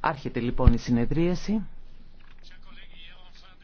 Άρχεται λοιπόν η συνεδρίαση.